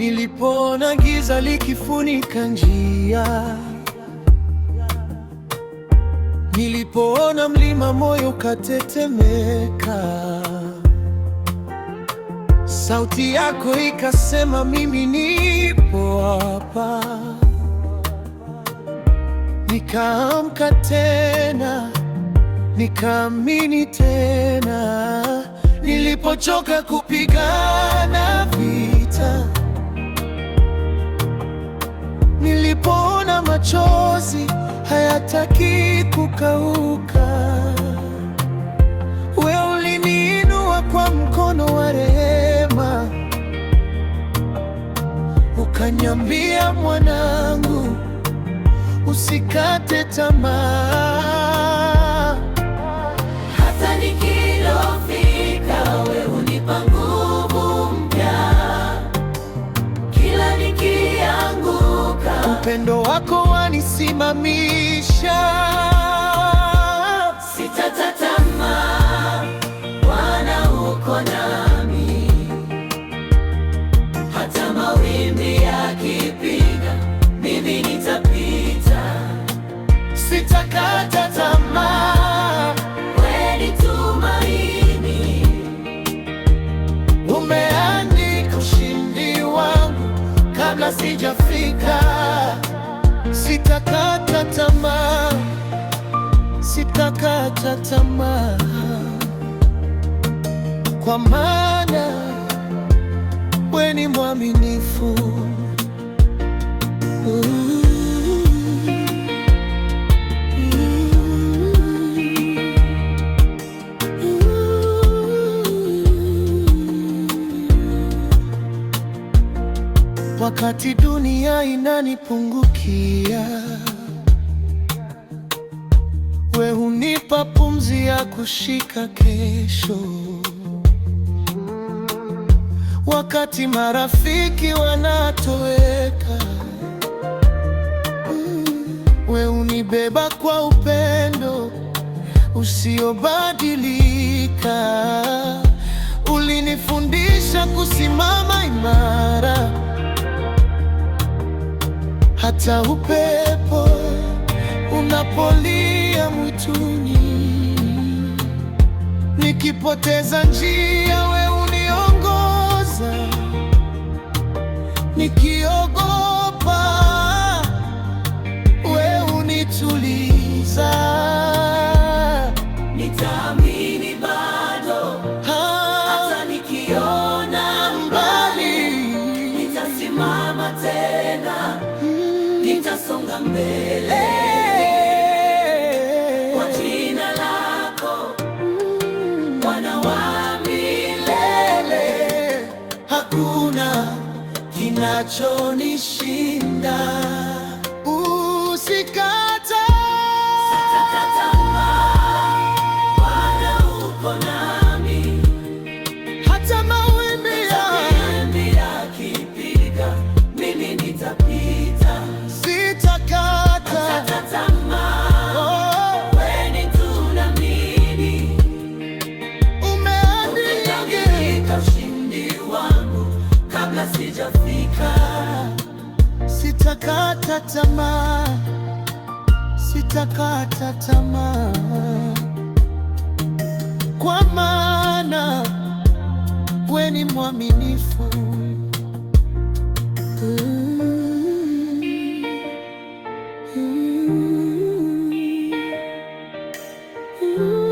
Nilipona giza likifunika njia, nilipoona mlima moyo katetemeka. Sauti yako ikasema, mimi nipo hapa. Nikaamka tena, nikaamini tena, nilipochoka kupigana hataki kukauka. We uliniinua kwa mkono wa rehema, ukanyambia mwanangu, usikate tamaa. upendo wako wanisimamisha. Sitakata Bwana uko nami, hata mawimbi yakipiga, mimi nitapita. Sitakata tamaa, wewe tumaini, umeandika ushindi wangu kabla sija Sitakata tamaa, sitakata tamaa, kwa maana wewe ni mwamini. wakati dunia inanipungukia, we hunipa pumzi ya kushika kesho, wakati marafiki wanatoweka, we hunibeba kwa upendo usiobadilika, ulinifundisha kusimama imara hata upepo unapolia mwituni, nikipoteza njia, we uniongoza, nikiogopa, we unituliza, nitaamini bado, hata nikiona mbali, mm. nitasimama tena. Mm nitasonga mbele kwa jina lako, Bwana mm. wa milele, hakuna kinachonishinda. Sitakata tamaa, sitakata tamaa, kwa maana wewe ni mwaminifu mm, hmm mm, mm.